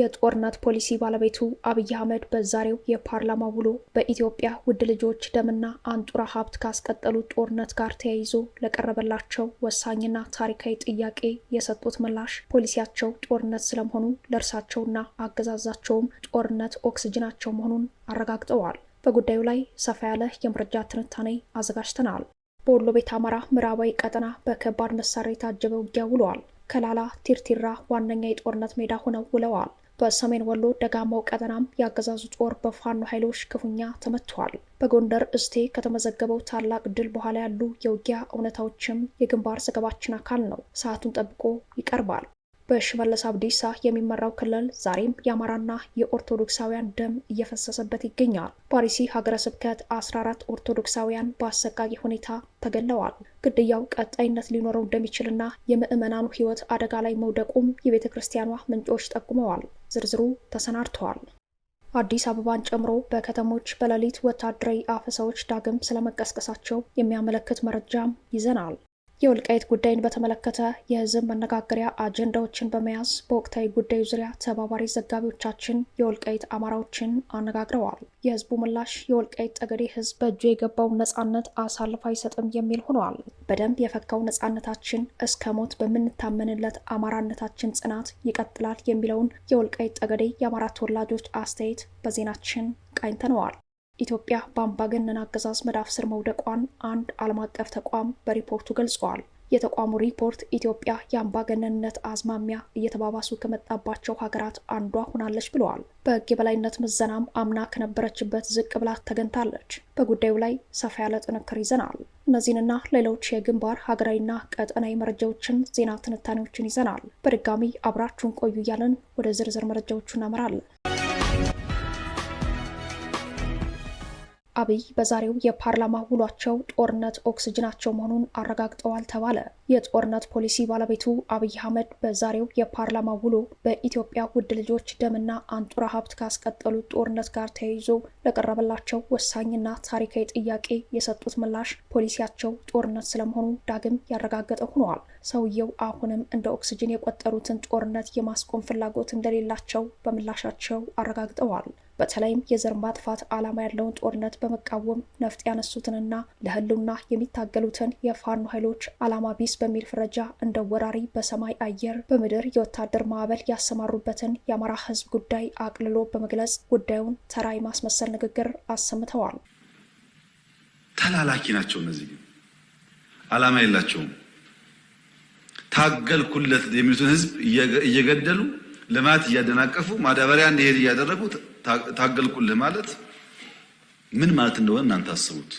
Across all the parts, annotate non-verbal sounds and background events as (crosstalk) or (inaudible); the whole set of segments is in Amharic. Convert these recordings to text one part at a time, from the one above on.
የጦርነት ፖሊሲ ባለቤቱ አብይ አህመድ በዛሬው የፓርላማ ውሎ በኢትዮጵያ ውድ ልጆች ደምና አንጡራ ሀብት ካስቀጠሉ ጦርነት ጋር ተያይዞ ለቀረበላቸው ወሳኝና ታሪካዊ ጥያቄ የሰጡት ምላሽ ፖሊሲያቸው ጦርነት ስለመሆኑ ለእርሳቸውና አገዛዛቸውም ጦርነት ኦክስጅናቸው መሆኑን አረጋግጠዋል። በጉዳዩ ላይ ሰፋ ያለ የመረጃ ትንታኔ አዘጋጅተናል። በወሎ ቤት አማራ ምዕራባዊ ቀጠና በከባድ መሳሪያ የታጀበ ውጊያ ውለዋል። ከላላ ቲርቲራ ዋነኛ የጦርነት ሜዳ ሆነው ውለዋል። በሰሜን ወሎ ደጋማው ቀጠናም የአገዛዙ ጦር በፋኖ ኃይሎች ክፉኛ ተመቷል። በጎንደር እስቴ ከተመዘገበው ታላቅ ድል በኋላ ያሉ የውጊያ እውነታዎችም የግንባር ዘገባችን አካል ነው። ሰዓቱን ጠብቆ ይቀርባል። በሽመለስ አብዲሳ የሚመራው ክልል ዛሬም የአማራና የኦርቶዶክሳውያን ደም እየፈሰሰበት ይገኛል። ፓሪሲ ሀገረ ስብከት 14 ኦርቶዶክሳውያን በአሰቃቂ ሁኔታ ተገለዋል። ግድያው ቀጣይነት ሊኖረው እንደሚችልና የምዕመናኑ ሕይወት አደጋ ላይ መውደቁም የቤተ ክርስቲያኗ ምንጮች ጠቁመዋል። ዝርዝሩ ተሰናድተዋል። አዲስ አበባን ጨምሮ በከተሞች በሌሊት ወታደራዊ አፈሳዎች ዳግም ስለመቀስቀሳቸው የሚያመለክት መረጃም ይዘናል። የወልቃይት ጉዳይን በተመለከተ የህዝብ መነጋገሪያ አጀንዳዎችን በመያዝ በወቅታዊ ጉዳዩ ዙሪያ ተባባሪ ዘጋቢዎቻችን የወልቃይት አማራዎችን አነጋግረዋል። የህዝቡ ምላሽ የወልቃይት ጠገዴ ህዝብ በእጁ የገባው ነጻነት አሳልፎ አይሰጥም የሚል ሆኗል። በደንብ የፈካው ነጻነታችን እስከ ሞት በምንታመንለት አማራነታችን ጽናት ይቀጥላል የሚለውን የወልቃይት ጠገዴ የአማራ ተወላጆች አስተያየት በዜናችን ቃኝተነዋል። ኢትዮጵያ በአምባገነን አገዛዝ መዳፍ ስር መውደቋን አንድ ዓለም አቀፍ ተቋም በሪፖርቱ ገልጸዋል። የተቋሙ ሪፖርት ኢትዮጵያ የአምባገነንነት አዝማሚያ እየተባባሱ ከመጣባቸው ሀገራት አንዷ ሆናለች ብለዋል። በሕግ የበላይነት ምዘናም አምና ከነበረችበት ዝቅ ብላ ተገንታለች። በጉዳዩ ላይ ሰፋ ያለ ጥንክር ይዘናል። እነዚህንና ሌሎች የግንባር ሀገራዊና ቀጠናዊ መረጃዎችን፣ ዜና ትንታኔዎችን ይዘናል። በድጋሚ አብራችሁን ቆዩ እያለን ወደ ዝርዝር መረጃዎቹ እናመራለን። አብይ በዛሬው የፓርላማ ውሏቸው ጦርነት ኦክስጅናቸው መሆኑን አረጋግጠዋል ተባለ። የጦርነት ፖሊሲ ባለቤቱ አብይ አህመድ በዛሬው የፓርላማ ውሎ በኢትዮጵያ ውድ ልጆች ደምና አንጡራ ሀብት ካስቀጠሉት ጦርነት ጋር ተያይዞ ለቀረበላቸው ወሳኝና ታሪካዊ ጥያቄ የሰጡት ምላሽ ፖሊሲያቸው ጦርነት ስለመሆኑ ዳግም ያረጋገጠ ሆነዋል። ሰውየው አሁንም እንደ ኦክስጅን የቆጠሩትን ጦርነት የማስቆም ፍላጎት እንደሌላቸው በምላሻቸው አረጋግጠዋል። በተለይም የዘር ማጥፋት ዓላማ ያለውን ጦርነት በመቃወም ነፍጥ ያነሱትንና ለህልውና የሚታገሉትን የፋኖ ኃይሎች ዓላማ ቢስ በሚል ፍረጃ እንደ ወራሪ በሰማይ አየር፣ በምድር የወታደር ማዕበል ያሰማሩበትን የአማራ ህዝብ ጉዳይ አቅልሎ በመግለጽ ጉዳዩን ተራ የማስመሰል ንግግር አሰምተዋል። ተላላኪ ናቸው። እነዚህ ግን ዓላማ የላቸውም። ታገልኩለት የሚሉትን ህዝብ እየገደሉ ልማት እያደናቀፉ ማዳበሪያ እንዲሄድ እያደረጉ ታገልቁልህ ማለት ምን ማለት እንደሆነ እናንተ አስቡት።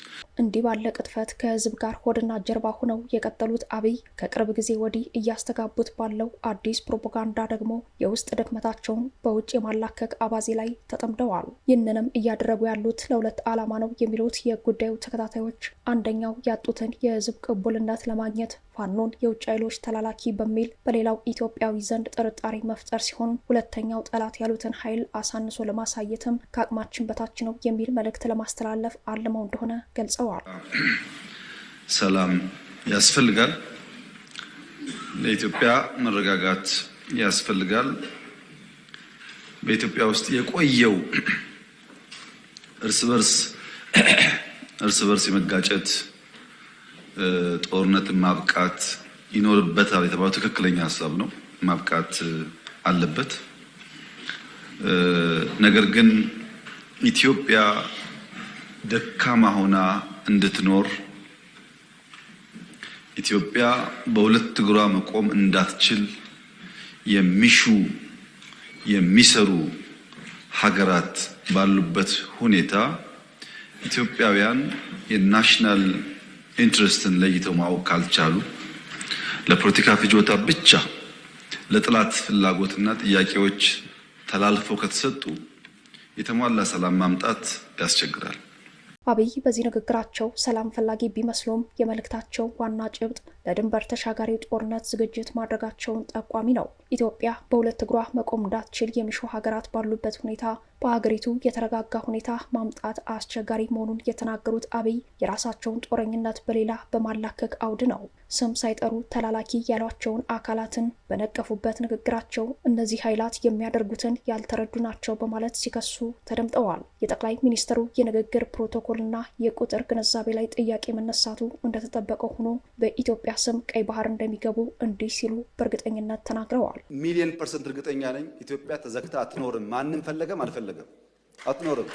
እንዲህ ባለ ቅጥፈት ከህዝብ ጋር ሆድና ጀርባ ሆነው የቀጠሉት አብይ ከቅርብ ጊዜ ወዲህ እያስተጋቡት ባለው አዲስ ፕሮፓጋንዳ ደግሞ የውስጥ ድክመታቸውን በውጭ የማላከክ አባዜ ላይ ተጠምደዋል። ይህንንም እያደረጉ ያሉት ለሁለት ዓላማ ነው የሚሉት የጉዳዩ ተከታታዮች፣ አንደኛው ያጡትን የህዝብ ቅቡልነት ለማግኘት ፋኖን የውጭ ኃይሎች ተላላኪ በሚል በሌላው ኢትዮጵያዊ ዘንድ ጥርጣሬ መፍጠር ሲሆን ሁለተኛው ጠላት ያሉትን ኃይል አሳንሶ ለማሳየትም ከአቅማችን በታች ነው የሚል መልእክት ለማስተላለፍ አልመው እንደሆነ ገልጸዋል። ሰላም ያስፈልጋል፣ ለኢትዮጵያ መረጋጋት ያስፈልጋል። በኢትዮጵያ ውስጥ የቆየው እርስ በርስ (clears throat) እርስ በርስ የመጋጨት ጦርነትን ማብቃት ይኖርበታል የተባለው ትክክለኛ ሀሳብ ነው። ማብቃት አለበት። ነገር ግን ኢትዮጵያ ደካማ ሆና እንድትኖር ኢትዮጵያ በሁለት እግሯ መቆም እንዳትችል የሚሹ የሚሰሩ ሀገራት ባሉበት ሁኔታ ኢትዮጵያውያን የናሽናል ኢንትረስትን ለይተው ማወቅ ካልቻሉ ለፖለቲካ ፍጆታ ብቻ ለጥላት ፍላጎትና ጥያቄዎች ተላልፈው ከተሰጡ የተሟላ ሰላም ማምጣት ያስቸግራል። አብይ በዚህ ንግግራቸው ሰላም ፈላጊ ቢመስሉም የመልእክታቸው ዋና ጭብጥ ለድንበር ተሻጋሪ ጦርነት ዝግጅት ማድረጋቸውን ጠቋሚ ነው። ኢትዮጵያ በሁለት እግሯ መቆም እንዳትችል የሚሹ ሀገራት ባሉበት ሁኔታ በሀገሪቱ የተረጋጋ ሁኔታ ማምጣት አስቸጋሪ መሆኑን የተናገሩት አብይ የራሳቸውን ጦረኝነት በሌላ በማላከክ አውድ ነው ስም ሳይጠሩ ተላላኪ ያሏቸውን አካላትን በነቀፉበት ንግግራቸው እነዚህ ኃይላት የሚያደርጉትን ያልተረዱ ናቸው በማለት ሲከሱ ተደምጠዋል። የጠቅላይ ሚኒስትሩ የንግግር ፕሮቶኮልና የቁጥር ግንዛቤ ላይ ጥያቄ መነሳቱ እንደተጠበቀ ሆኖ በኢትዮጵያ ኢትዮጵያ ስም ቀይ ባህር እንደሚገቡ እንዲህ ሲሉ በእርግጠኝነት ተናግረዋል። ሚሊዮን ፐርሰንት እርግጠኛ ነኝ። ኢትዮጵያ ተዘግታ አትኖርም። ማንም ፈለገም አልፈለገም አትኖርም።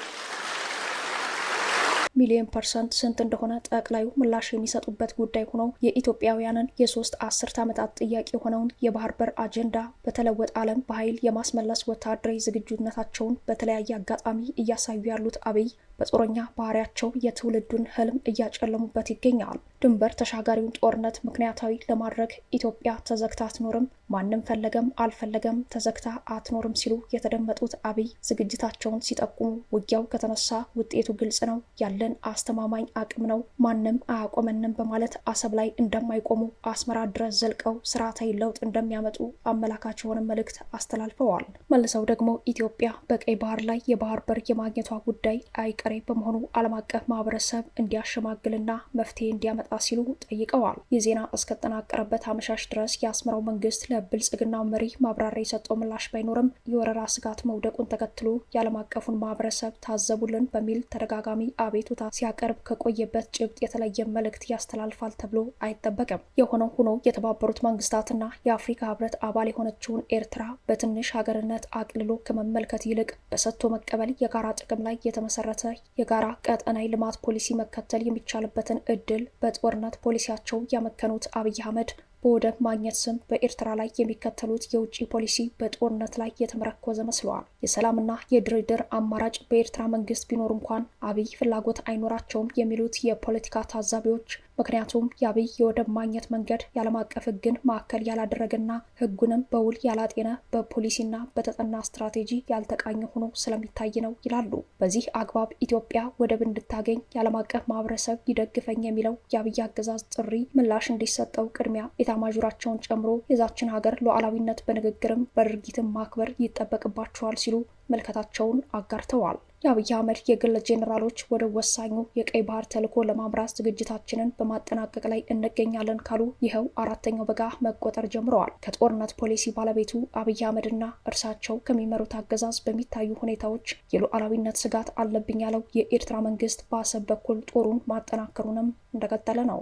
ሚሊዮን ፐርሰንት ስንት እንደሆነ ጠቅላዩ ምላሽ የሚሰጡበት ጉዳይ ሆኖ የኢትዮጵያውያንን የሶስት አስርት ዓመታት ጥያቄ የሆነውን የባህር በር አጀንዳ በተለወጠ ዓለም በኃይል የማስመለስ ወታደራዊ ዝግጁነታቸውን በተለያየ አጋጣሚ እያሳዩ ያሉት አብይ በጦረኛ ባህሪያቸው የትውልዱን ህልም እያጨለሙበት ይገኛል። ድንበር ተሻጋሪውን ጦርነት ምክንያታዊ ለማድረግ ኢትዮጵያ ተዘግታ አትኖርም፣ ማንም ፈለገም አልፈለገም ተዘግታ አትኖርም ሲሉ የተደመጡት አብይ ዝግጅታቸውን ሲጠቁሙ ውጊያው ከተነሳ ውጤቱ ግልጽ ነው፣ ያለን አስተማማኝ አቅም ነው፣ ማንም አያቆመንም በማለት አሰብ ላይ እንደማይቆሙ አስመራ ድረስ ዘልቀው ስርዓታዊ ለውጥ እንደሚያመጡ አመላካች የሆነ መልእክት አስተላልፈዋል። መልሰው ደግሞ ኢትዮጵያ በቀይ ባህር ላይ የባህር በር የማግኘቷ ጉዳይ አይቀ አፍቃሪ በመሆኑ ዓለም አቀፍ ማህበረሰብ እንዲያሸማግልና መፍትሄ እንዲያመጣ ሲሉ ጠይቀዋል። የዜና እስከጠናቀረበት አመሻሽ ድረስ የአስመራው መንግስት ለብልጽግናው መሪ ማብራሪያ የሰጠው ምላሽ ባይኖርም የወረራ ስጋት መውደቁን ተከትሎ የዓለም አቀፉን ማህበረሰብ ታዘቡልን በሚል ተደጋጋሚ አቤቱታ ሲያቀርብ ከቆየበት ጭብጥ የተለየ መልእክት ያስተላልፋል ተብሎ አይጠበቅም። የሆነው ሆኖ የተባበሩት መንግስታትና የአፍሪካ ህብረት አባል የሆነችውን ኤርትራ በትንሽ ሀገርነት አቅልሎ ከመመልከት ይልቅ በሰጥቶ መቀበል የጋራ ጥቅም ላይ የተመሰረተ የጋራ ቀጠናዊ ልማት ፖሊሲ መከተል የሚቻልበትን እድል በጦርነት ፖሊሲያቸው ያመከኑት አብይ አህመድ በወደብ ማግኘት ስም በኤርትራ ላይ የሚከተሉት የውጭ ፖሊሲ በጦርነት ላይ የተመረኮዘ መስለዋል። የሰላምና የድርድር አማራጭ በኤርትራ መንግስት ቢኖር እንኳን አብይ ፍላጎት አይኖራቸውም የሚሉት የፖለቲካ ታዛቢዎች ምክንያቱም የአብይ የወደብ ማግኘት መንገድ የዓለም አቀፍ ህግን ማዕከል ያላደረገና ህጉንም በውል ያላጤነ በፖሊሲና በተጠና ስትራቴጂ ያልተቃኘ ሆኖ ስለሚታይ ነው ይላሉ። በዚህ አግባብ ኢትዮጵያ ወደብ እንድታገኝ የዓለም አቀፍ ማህበረሰብ ይደግፈኝ የሚለው የአብይ አገዛዝ ጥሪ ምላሽ እንዲሰጠው ቅድሚያ ኢታማዦራቸውን ጨምሮ የዛችን ሀገር ሉዓላዊነት በንግግርም በድርጊትም ማክበር ይጠበቅባቸዋል ሲሉ ምልከታቸውን አጋርተዋል። የአብይ አህመድ የግል ጄኔራሎች ወደ ወሳኙ የቀይ ባህር ተልዕኮ ለማምራት ዝግጅታችንን በማጠናቀቅ ላይ እንገኛለን ካሉ ይኸው አራተኛው በጋ መቆጠር ጀምረዋል። ከጦርነት ፖሊሲ ባለቤቱ አብይ አህመድና እርሳቸው ከሚመሩት አገዛዝ በሚታዩ ሁኔታዎች የሉዓላዊነት ስጋት አለብኝ ያለው የኤርትራ መንግስት በአሰብ በኩል ጦሩን ማጠናከሩንም እንደቀጠለ ነው።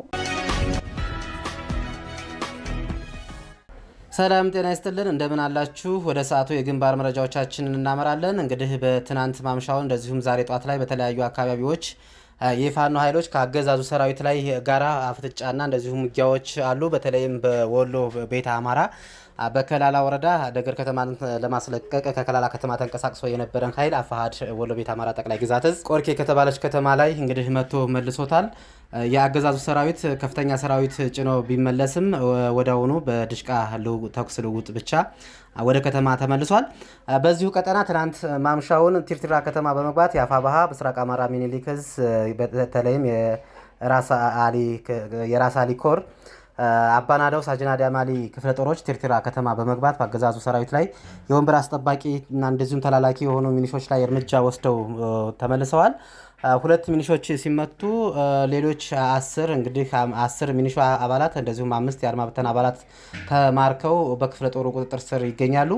ሰላም ጤና ይስጥልን፣ እንደምን አላችሁ? ወደ ሰዓቱ የግንባር መረጃዎቻችንን እናመራለን። እንግዲህ በትናንት ማምሻውን እንደዚሁም ዛሬ ጧት ላይ በተለያዩ አካባቢዎች የፋኖ ኃይሎች ከአገዛዙ ሰራዊት ላይ ጋራ አፍጥጫና እንደዚሁም ውጊያዎች አሉ። በተለይም በወሎ ቤተ አማራ በከላላ ወረዳ ደገር ከተማን ለማስለቀቅ ከከላላ ከተማ ተንቀሳቅሶ የነበረን ኃይል አፋሃድ ወሎ ቤት አማራ ጠቅላይ ግዛት እዝ ቆርኬ ከተባለች ከተማ ላይ እንግዲህ መጥቶ መልሶታል። የአገዛዙ ሰራዊት ከፍተኛ ሰራዊት ጭኖ ቢመለስም ወዲያውኑ በድሽቃ ተኩስ ልውውጥ ብቻ ወደ ከተማ ተመልሷል። በዚሁ ቀጠና ትናንት ማምሻውን ቲርቲራ ከተማ በመግባት የአፋባሃ ምስራቅ አማራ ሚኒሊክዝ በተለይም የራስ አሊ ኮር አባናዳው ሳጅና ዳማሊ ክፍለ ጦሮች ቲርቲራ ከተማ በመግባት በአገዛዙ ሰራዊት ላይ የወንበር አስጠባቂ እና እንደዚሁም ተላላኪ የሆኑ ሚኒሾች ላይ እርምጃ ወስደው ተመልሰዋል። ሁለት ሚኒሾች ሲመቱ ሌሎች አስር እንግዲህ አስር ሚኒሾ አባላት እንደዚሁም አምስት የአድማ ብተን አባላት ተማርከው በክፍለ ጦሩ ቁጥጥር ስር ይገኛሉ።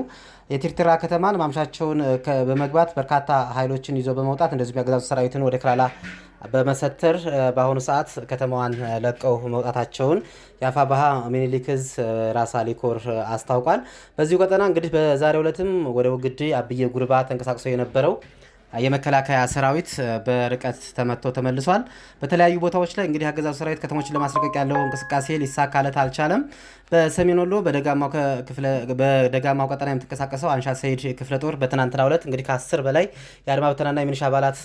የቲርቲራ ከተማን ማምሻቸውን በመግባት በርካታ ኃይሎችን ይዞ በመውጣት እንደዚሁም የአገዛዙ ሰራዊትን ወደ ክላላ በመሰተር በአሁኑ ሰዓት ከተማዋን ለቀው መውጣታቸውን የአፋባሃ ሚኒሊክ ሚኒሊክዝ ራሳ ሊኮር አስታውቋል። በዚሁ ቀጠና እንግዲህ በዛሬው ዕለትም ወደ ውግድ አብዬ ጉርባ ተንቀሳቅሶ የነበረው የመከላከያ ሰራዊት በርቀት ተመቶ ተመልሷል። በተለያዩ ቦታዎች ላይ እንግዲህ አገዛዙ ሰራዊት ከተሞችን ለማስለቀቅ ያለው እንቅስቃሴ ሊሳካለት አልቻለም። በሰሜን ወሎ በደጋማው ቀጠና የምትንቀሳቀሰው አንሻ ሰይድ ክፍለ ጦር በትናንትናው ዕለት እንግዲህ ከአስር በላይ የአድማ ብተናና የሚኒሻ አባላት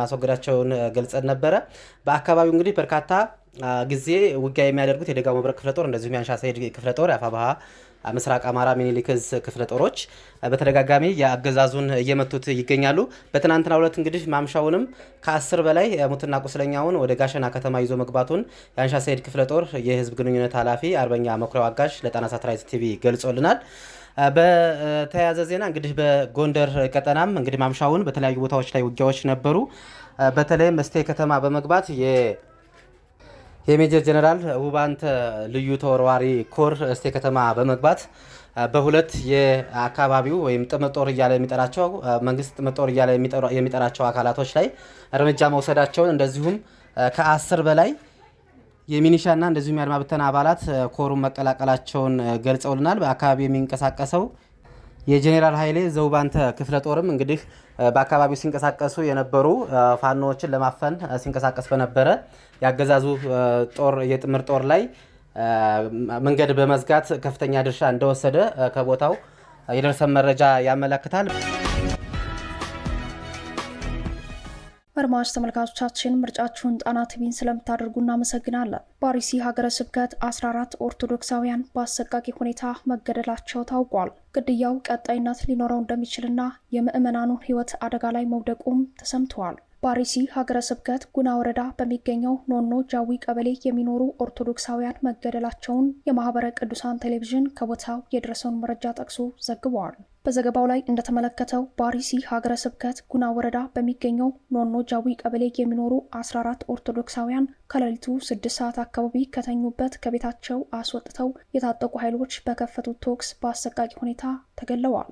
ማስወገዳቸውን ገልጸን ነበረ። በአካባቢው እንግዲህ በርካታ ጊዜ ውጊያ የሚያደርጉት የደጋው መብረቅ ክፍለ ጦር እንደዚሁም የአንሻ ሰይድ ክፍለ ጦር የአፋባሃ ምስራቅ አማራ ሚኒሊክ እዝ ክፍለ ጦሮች በተደጋጋሚ የአገዛዙን እየመቱት ይገኛሉ። በትናንትናው ዕለት እንግዲህ ማምሻውንም ከአስር በላይ ሙትና ቁስለኛውን ወደ ጋሸና ከተማ ይዞ መግባቱን የአንሻ ሰይድ ክፍለ ጦር የህዝብ ግንኙነት ኃላፊ አርበኛ መኩሪያው አጋሽ ለጣና ሳተላይት ቲቪ ገልጾልናል። በተያያዘ ዜና እንግዲህ በጎንደር ቀጠናም እንግዲህ ማምሻውን በተለያዩ ቦታዎች ላይ ውጊያዎች ነበሩ። በተለይም እስቴ ከተማ በመግባት የሜጀር ጀነራል ውባንተ ልዩ ተወርዋሪ ኮር እስቴ ከተማ በመግባት በሁለት የአካባቢው ወይም ጥምር ጦር እያለ የሚጠራቸው መንግስት ጥምር ጦር እያለ የሚጠራቸው አካላቶች ላይ እርምጃ መውሰዳቸውን እንደዚሁም ከአስር በላይ የሚኒሻና እንደዚሁም የአድማ ብተና አባላት ኮሩን መቀላቀላቸውን ገልጸውልናል። በአካባቢ የሚንቀሳቀሰው የጄኔራል ኃይሌ ዘውባንተ ክፍለ ጦርም እንግዲህ በአካባቢው ሲንቀሳቀሱ የነበሩ ፋኖዎችን ለማፈን ሲንቀሳቀስ በነበረ የአገዛዙ ጦር የጥምር ጦር ላይ መንገድ በመዝጋት ከፍተኛ ድርሻ እንደወሰደ ከቦታው የደረሰ መረጃ ያመለክታል። መርማጭ ተመልካቾቻችን ምርጫችሁን ጣና ቲቪን ስለምታደርጉ እናመሰግናለን። በአርሲ ሀገረ ስብከት 14 ኦርቶዶክሳውያን በአሰቃቂ ሁኔታ መገደላቸው ታውቋል። ግድያው ቀጣይነት ሊኖረው እንደሚችልና የምዕመናኑን ሕይወት አደጋ ላይ መውደቁም ተሰምተዋል። በአርሲ ሀገረ ስብከት ጉና ወረዳ በሚገኘው ኖኖ ጃዊ ቀበሌ የሚኖሩ ኦርቶዶክሳውያን መገደላቸውን የማህበረ ቅዱሳን ቴሌቪዥን ከቦታው የደረሰውን መረጃ ጠቅሶ ዘግቧል። በዘገባው ላይ እንደተመለከተው በአርሲ ሀገረ ስብከት ጉና ወረዳ በሚገኘው ኖኖ ጃዊ ቀበሌ የሚኖሩ 14 ኦርቶዶክሳውያን ከሌሊቱ ስድስት ሰዓት አካባቢ ከተኙበት ከቤታቸው አስወጥተው የታጠቁ ኃይሎች በከፈቱት ተኩስ በአሰቃቂ ሁኔታ ተገለዋል።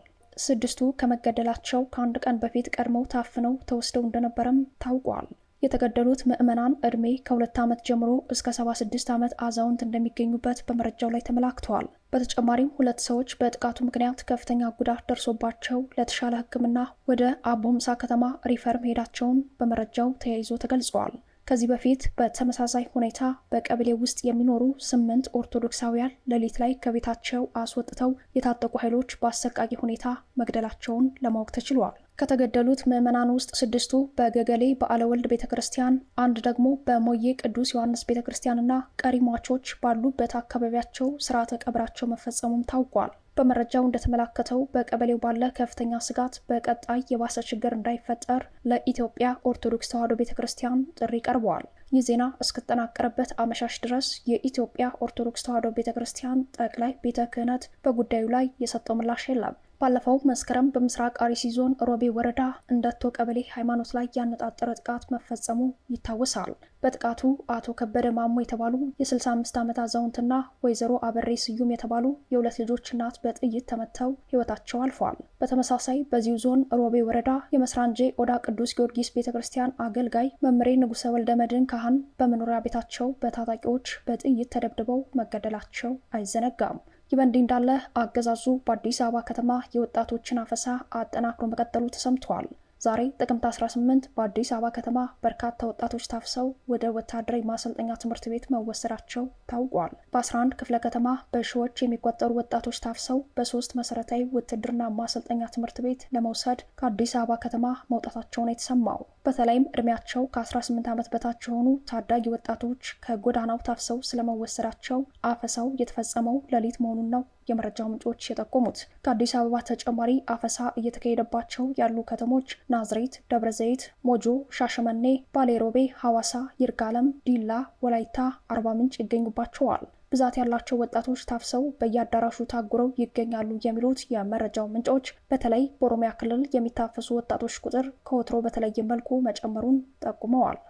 ስድስቱ ከመገደላቸው ከአንድ ቀን በፊት ቀድመው ታፍነው ተወስደው እንደነበረም ታውቋል። የተገደሉት ምዕመናን ዕድሜ ከሁለት ዓመት ጀምሮ እስከ 76 ዓመት አዛውንት እንደሚገኙበት በመረጃው ላይ ተመላክተዋል። በተጨማሪም ሁለት ሰዎች በጥቃቱ ምክንያት ከፍተኛ ጉዳት ደርሶባቸው ለተሻለ ሕክምና ወደ አቦምሳ ከተማ ሪፈር መሄዳቸውን በመረጃው ተያይዞ ተገልጸዋል። ከዚህ በፊት በተመሳሳይ ሁኔታ በቀበሌ ውስጥ የሚኖሩ ስምንት ኦርቶዶክሳውያን ሌሊት ላይ ከቤታቸው አስወጥተው የታጠቁ ኃይሎች በአሰቃቂ ሁኔታ መግደላቸውን ለማወቅ ተችሏል። ከተገደሉት ምዕመናን ውስጥ ስድስቱ በገገሌ በአለወልድ ቤተ ክርስቲያን፣ አንድ ደግሞ በሞዬ ቅዱስ ዮሐንስ ቤተ ክርስቲያንና ቀሪ ሟቾች ባሉበት አካባቢያቸው ስርዓተ ቀብራቸው መፈጸሙም ታውቋል። በመረጃው እንደተመላከተው በቀበሌው ባለ ከፍተኛ ስጋት በቀጣይ የባሰ ችግር እንዳይፈጠር ለኢትዮጵያ ኦርቶዶክስ ተዋሕዶ ቤተ ክርስቲያን ጥሪ ቀርበዋል። ይህ ዜና እስከተጠናቀረበት አመሻሽ ድረስ የኢትዮጵያ ኦርቶዶክስ ተዋሕዶ ቤተ ክርስቲያን ጠቅላይ ቤተ ክህነት በጉዳዩ ላይ የሰጠው ምላሽ የለም። ባለፈው መስከረም በምስራቅ አርሲ ዞን ሮቤ ወረዳ እንደቶ ቀበሌ ሃይማኖት ላይ ያነጣጠረ ጥቃት መፈጸሙ ይታወሳል። በጥቃቱ አቶ ከበደ ማሞ የተባሉ የ65 ዓመት አዛውንትና ወይዘሮ አበሬ ስዩም የተባሉ የሁለት ልጆች እናት በጥይት ተመተው ሕይወታቸው አልፏል። በተመሳሳይ በዚሁ ዞን ሮቤ ወረዳ የመስራንጄ ኦዳ ቅዱስ ጊዮርጊስ ቤተ ክርስቲያን አገልጋይ መምሬ ንጉሰ ወልደ መድን ካህን በመኖሪያ ቤታቸው በታጣቂዎች በጥይት ተደብድበው መገደላቸው አይዘነጋም። ይህ በእንዲህ እንዳለ አገዛዙ በአዲስ አበባ ከተማ የወጣቶችን አፈሳ አጠናክሮ መቀጠሉ ተሰምተዋል። ዛሬ ጥቅምት 18 በአዲስ አበባ ከተማ በርካታ ወጣቶች ታፍሰው ወደ ወታደራዊ ማሰልጠኛ ትምህርት ቤት መወሰዳቸው ታውቋል። በ11 ክፍለ ከተማ በሺዎች የሚቆጠሩ ወጣቶች ታፍሰው በሶስት መሰረታዊ ውትድርና ማሰልጠኛ ትምህርት ቤት ለመውሰድ ከአዲስ አበባ ከተማ መውጣታቸውን የተሰማው በተለይም እድሜያቸው ከ18 ዓመት በታች የሆኑ ታዳጊ ወጣቶች ከጎዳናው ታፍሰው ስለመወሰዳቸው አፈሳው የተፈጸመው ሌሊት መሆኑን ነው የመረጃው ምንጮች የጠቆሙት። ከአዲስ አበባ ተጨማሪ አፈሳ እየተካሄደባቸው ያሉ ከተሞች ናዝሬት፣ ደብረ ዘይት፣ ሞጆ፣ ሻሸመኔ፣ ባሌሮቤ፣ ሐዋሳ፣ ይርጋለም፣ ዲላ፣ ወላይታ፣ አርባ ምንጭ ይገኙባቸዋል። ብዛት ያላቸው ወጣቶች ታፍሰው በየአዳራሹ ታጉረው ይገኛሉ የሚሉት የመረጃው ምንጮች በተለይ በኦሮሚያ ክልል የሚታፈሱ ወጣቶች ቁጥር ከወትሮ በተለየ መልኩ መጨመሩን ጠቁመዋል።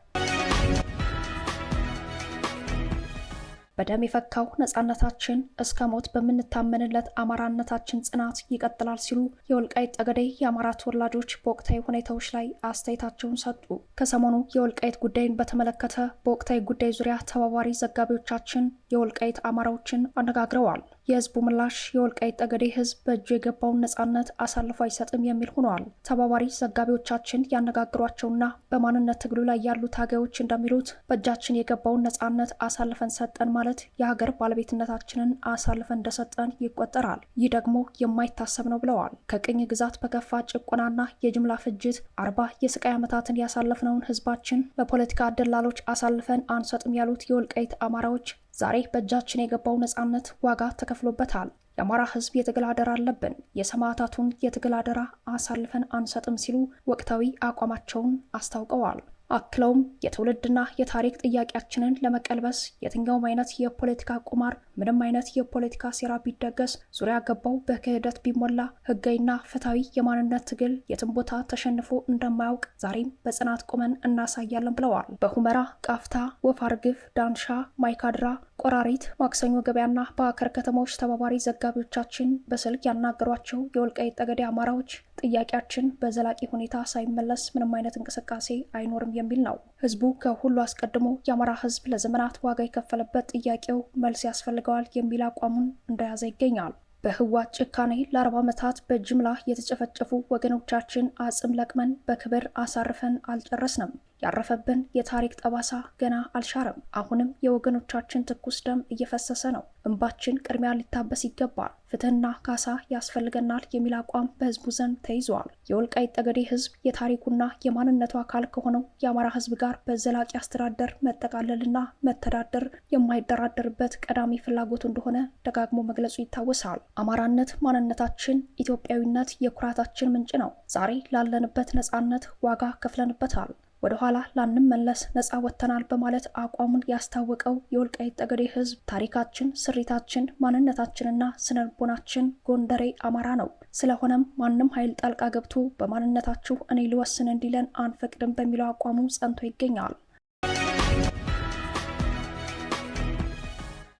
በደም የፈካው ነጻነታችን እስከ ሞት በምንታመንለት አማራነታችን ጽናት ይቀጥላል ሲሉ የወልቃይት ጠገዴ የአማራ ተወላጆች በወቅታዊ ሁኔታዎች ላይ አስተያየታቸውን ሰጡ። ከሰሞኑ የወልቃይት ጉዳይን በተመለከተ በወቅታዊ ጉዳይ ዙሪያ ተባባሪ ዘጋቢዎቻችን የወልቃይት አማራዎችን አነጋግረዋል። የህዝቡ ምላሽ የወልቃይት ጠገዴ ህዝብ በእጁ የገባውን ነጻነት አሳልፎ አይሰጥም የሚል ሆኗል። ተባባሪ ዘጋቢዎቻችን ያነጋግሯቸውና በማንነት ትግሉ ላይ ያሉ ታጋዮች እንደሚሉት በእጃችን የገባውን ነጻነት አሳልፈን ሰጠን ማለት የሀገር ባለቤትነታችንን አሳልፈን እንደሰጠን ይቆጠራል። ይህ ደግሞ የማይታሰብ ነው ብለዋል። ከቅኝ ግዛት በከፋ ጭቆናና የጅምላ ፍጅት አርባ የስቃይ ዓመታትን ያሳለፍነውን ህዝባችን ለፖለቲካ ደላሎች አሳልፈን አንሰጥም ያሉት የወልቃይት አማራዎች ዛሬ በእጃችን የገባው ነፃነት ዋጋ ተከፍሎበታል። የአማራ ህዝብ የትግል አደራ አለብን። የሰማዕታቱን የትግል አደራ አሳልፈን አንሰጥም ሲሉ ወቅታዊ አቋማቸውን አስታውቀዋል። አክለውም የትውልድና የታሪክ ጥያቄያችንን ለመቀልበስ የትኛውም አይነት የፖለቲካ ቁማር፣ ምንም አይነት የፖለቲካ ሴራ ቢደገስ፣ ዙሪያ ገባው በክህደት ቢሞላ፣ ህጋዊና ፍትሐዊ የማንነት ትግል የትም ቦታ ተሸንፎ እንደማያውቅ ዛሬም በጽናት ቁመን እናሳያለን ብለዋል። በሁመራ ቃፍታ፣ ወፍ አርግፍ፣ ዳንሻ፣ ማይካድራ፣ ቆራሪት፣ ማክሰኞ ገበያና በአከር ከተሞች ተባባሪ ዘጋቢዎቻችን በስልክ ያናገሯቸው የወልቃይት ጠገዴ አማራዎች ጥያቄያችን በዘላቂ ሁኔታ ሳይመለስ ምንም አይነት እንቅስቃሴ አይኖርም የሚል ነው። ህዝቡ ከሁሉ አስቀድሞ የአማራ ህዝብ ለዘመናት ዋጋ የከፈለበት ጥያቄው መልስ ያስፈልገዋል የሚል አቋሙን እንደያዘ ይገኛል። በህወሓት ጭካኔ ለአርባ ዓመታት በጅምላ የተጨፈጨፉ ወገኖቻችን አጽም ለቅመን በክብር አሳርፈን አልጨረስንም። ያረፈብን የታሪክ ጠባሳ ገና አልሻረም። አሁንም የወገኖቻችን ትኩስ ደም እየፈሰሰ ነው። እንባችን ቅድሚያ ሊታበስ ይገባል። ፍትህና ካሳ ያስፈልገናል የሚል አቋም በህዝቡ ዘንድ ተይዟል። የወልቃይት ጠገዴ ህዝብ የታሪኩና የማንነቱ አካል ከሆነው የአማራ ህዝብ ጋር በዘላቂ አስተዳደር መጠቃለልና መተዳደር የማይደራደርበት ቀዳሚ ፍላጎቱ እንደሆነ ደጋግሞ መግለጹ ይታወሳል። አማራነት ማንነታችን፣ ኢትዮጵያዊነት የኩራታችን ምንጭ ነው። ዛሬ ላለንበት ነጻነት ዋጋ ከፍለንበታል። ወደ ኋላ ላንመለስ ነፃ ወጥተናል በማለት አቋሙን ያስታወቀው የወልቃይት ጠገዴ ህዝብ ታሪካችን፣ ስሪታችን፣ ማንነታችንና ስነልቦናችን ጎንደሬ አማራ ነው። ስለሆነም ማንም ኃይል ጣልቃ ገብቶ በማንነታችሁ እኔ ልወስን እንዲለን አንፈቅድም በሚለው አቋሙ ጸንቶ ይገኛል።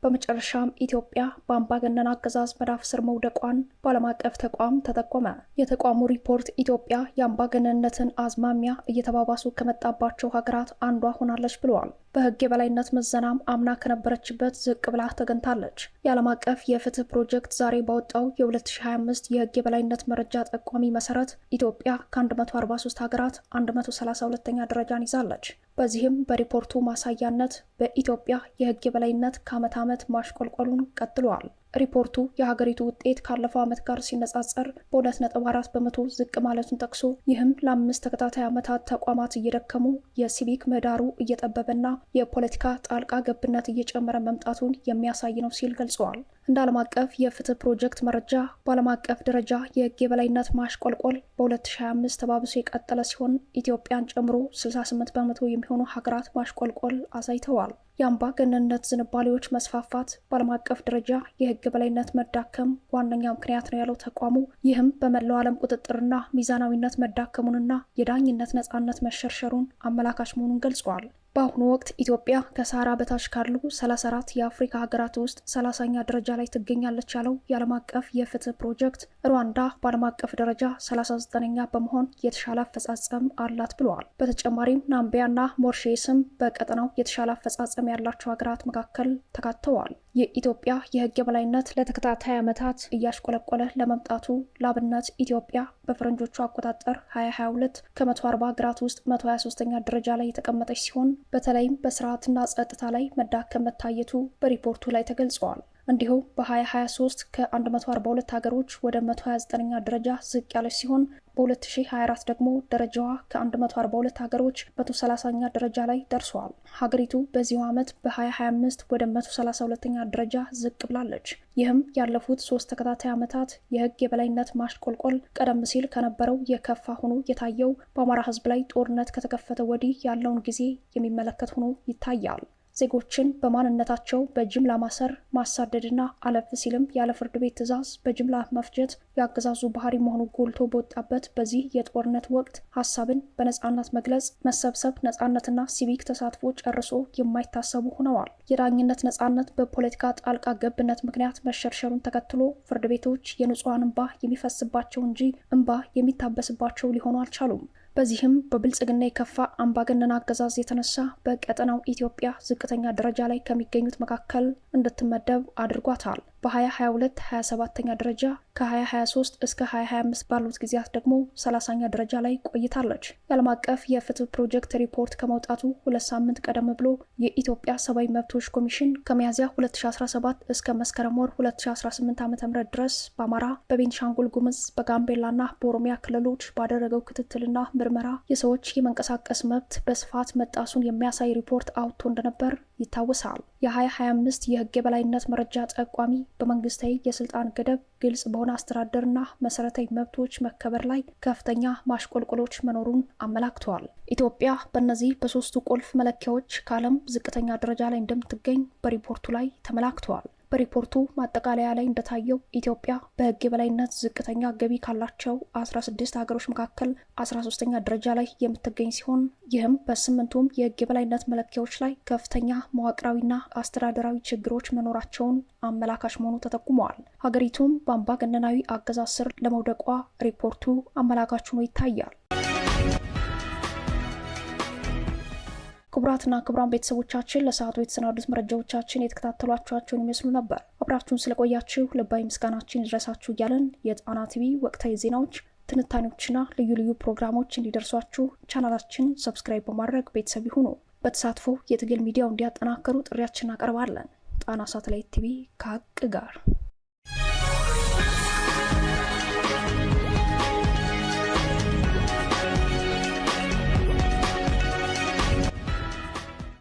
በመጨረሻም ኢትዮጵያ በአምባገነን አገዛዝ መዳፍ ስር መውደቋን በዓለም አቀፍ ተቋም ተጠቆመ። የተቋሙ ሪፖርት ኢትዮጵያ የአምባገነንነትን አዝማሚያ እየተባባሱ ከመጣባቸው ሀገራት አንዷ ሆናለች ብለዋል። በህግ የበላይነት መዘናም አምና ከነበረችበት ዝቅ ብላ ተገንታለች። የዓለም አቀፍ የፍትህ ፕሮጀክት ዛሬ ባወጣው የ2025 የህግ የበላይነት መረጃ ጠቋሚ መሰረት ኢትዮጵያ ከ143 ሀገራት 132ኛ ደረጃን ይዛለች። በዚህም በሪፖርቱ ማሳያነት በኢትዮጵያ የህግ የበላይነት ከዓመት ዓመት ማሽቆልቆሉን ቀጥሏል። ሪፖርቱ የሀገሪቱ ውጤት ካለፈው ዓመት ጋር ሲነጻጸር በሁለት ነጥብ አራት በመቶ ዝቅ ማለቱን ጠቅሶ ይህም ለአምስት ተከታታይ ዓመታት ተቋማት እየደከሙ የሲቪክ ምህዳሩ እየጠበበና የፖለቲካ ጣልቃ ገብነት እየጨመረ መምጣቱን የሚያሳይ ነው ሲል ገልጸዋል። እንደ ዓለም አቀፍ የፍትህ ፕሮጀክት መረጃ በዓለም አቀፍ ደረጃ የህግ የበላይነት ማሽቆልቆል በ2025 ተባብሶ የቀጠለ ሲሆን ኢትዮጵያን ጨምሮ 68 በመቶ የሚሆኑ ሀገራት ማሽቆልቆል አሳይተዋል። የአምባገነንነት ዝንባሌዎች መስፋፋት በዓለም አቀፍ ደረጃ የህግ የበላይነት መዳከም ዋነኛ ምክንያት ነው ያለው ተቋሙ፣ ይህም በመላው ዓለም ቁጥጥርና ሚዛናዊነት መዳከሙንና የዳኝነት ነጻነት መሸርሸሩን አመላካች መሆኑን ገልጸዋል። በአሁኑ ወቅት ኢትዮጵያ ከሳህራ በታች ካሉ 34 የአፍሪካ ሀገራት ውስጥ 30ኛ ደረጃ ላይ ትገኛለች ያለው የዓለም አቀፍ የፍትህ ፕሮጀክት ሩዋንዳ በዓለም አቀፍ ደረጃ 39ኛ በመሆን የተሻለ አፈጻጸም አላት ብለዋል። በተጨማሪም ናምቢያና ሞርሼስም በቀጠናው የተሻለ አፈጻጸም ያላቸው ሀገራት መካከል ተካተዋል። የኢትዮጵያ የህግ የበላይነት ለተከታታይ ዓመታት እያሽቆለቆለ ለመምጣቱ ላብነት ኢትዮጵያ በፈረንጆቹ አቆጣጠር 2022 ከ140 ሀገራት ውስጥ 123ኛ ደረጃ ላይ የተቀመጠች ሲሆን በተለይም በስርዓትና ጸጥታ ላይ መዳከም መታየቱ በሪፖርቱ ላይ ተገልጸዋል። እንዲሁም በ2023 ከ142 ሀገሮች ወደ 129ኛ ደረጃ ዝቅ ያለች ሲሆን በ2024 ደግሞ ደረጃዋ ከ142 ሀገሮች 130ኛ ደረጃ ላይ ደርሰዋል። ሀገሪቱ በዚሁ ዓመት በ2025 ወደ 132ኛ ደረጃ ዝቅ ብላለች። ይህም ያለፉት ሶስት ተከታታይ ዓመታት የህግ የበላይነት ማሽቆልቆል ቀደም ሲል ከነበረው የከፋ ሆኖ የታየው በአማራ ህዝብ ላይ ጦርነት ከተከፈተ ወዲህ ያለውን ጊዜ የሚመለከት ሆኖ ይታያል። ዜጎችን በማንነታቸው በጅምላ ማሰር፣ ማሳደድና አለፍ ሲልም ያለ ፍርድ ቤት ትዕዛዝ በጅምላ መፍጀት የአገዛዙ ባህሪ መሆኑ ጎልቶ በወጣበት በዚህ የጦርነት ወቅት ሀሳብን በነጻነት መግለጽ፣ መሰብሰብ፣ ነጻነትና ሲቪክ ተሳትፎ ጨርሶ የማይታሰቡ ሆነዋል። የዳኝነት ነጻነት በፖለቲካ ጣልቃ ገብነት ምክንያት መሸርሸሩን ተከትሎ ፍርድ ቤቶች የንጹሐን እንባ የሚፈስባቸው እንጂ እንባ የሚታበስባቸው ሊሆኑ አልቻሉም። በዚህም በብልጽግና የከፋ አምባገነን አገዛዝ የተነሳ በቀጠናው ኢትዮጵያ ዝቅተኛ ደረጃ ላይ ከሚገኙት መካከል እንድትመደብ አድርጓታል። በ2022 27ኛ ደረጃ ከ2023 እስከ 2025 ባሉት ጊዜያት ደግሞ 30ኛ ደረጃ ላይ ቆይታለች። የዓለም አቀፍ የፍትህ ፕሮጀክት ሪፖርት ከመውጣቱ ሁለት ሳምንት ቀደም ብሎ የኢትዮጵያ ሰብአዊ መብቶች ኮሚሽን ከሚያዝያ 2017 እስከ መስከረም ወር 2018 ዓ ም ድረስ በአማራ፣ በቤንሻንጉል ጉምዝ፣ በጋምቤላና በኦሮሚያ ክልሎች ባደረገው ክትትልና ምርመራ የሰዎች የመንቀሳቀስ መብት በስፋት መጣሱን የሚያሳይ ሪፖርት አውጥቶ እንደነበር ይታወሳል። የ2025 የህግ የበላይነት መረጃ ጠቋሚ በመንግስታዊ የስልጣን ገደብ፣ ግልጽ በሆነ አስተዳደርና መሰረታዊ መብቶች መከበር ላይ ከፍተኛ ማሽቆልቆሎች መኖሩን አመላክተዋል። ኢትዮጵያ በእነዚህ በሶስቱ ቁልፍ መለኪያዎች ከዓለም ዝቅተኛ ደረጃ ላይ እንደምትገኝ በሪፖርቱ ላይ ተመላክተዋል። በሪፖርቱ ማጠቃለያ ላይ እንደታየው ኢትዮጵያ በህግ የበላይነት ዝቅተኛ ገቢ ካላቸው 16 ሀገሮች መካከል 13ኛ ደረጃ ላይ የምትገኝ ሲሆን ይህም በስምንቱም የህግ የበላይነት መለኪያዎች ላይ ከፍተኛ መዋቅራዊና አስተዳደራዊ ችግሮች መኖራቸውን አመላካሽ መሆኑ ተጠቁመዋል። ሀገሪቱም በአምባገነናዊ አገዛዝ ስር ለመውደቋ ሪፖርቱ አመላካች ሆኖ ይታያል። ክቡራትና ክቡራን ቤተሰቦቻችን ለሰዓቱ የተሰናዱት መረጃዎቻችን የተከታተሏቸኋቸውን ይመስሉ ነበር። አብራችሁን ስለቆያችሁ ልባዊ ምስጋናችን ይድረሳችሁ እያለን የጣና ቲቪ ወቅታዊ ዜናዎች ትንታኔዎችና ልዩ ልዩ ፕሮግራሞች እንዲደርሷችሁ ቻናላችን ሰብስክራይብ በማድረግ ቤተሰብ ይሁኑ። በተሳትፎ የትግል ሚዲያው እንዲያጠናከሩ ጥሪያችን እናቀርባለን። ጣና ሳተላይት ቲቪ ከሀቅ ጋር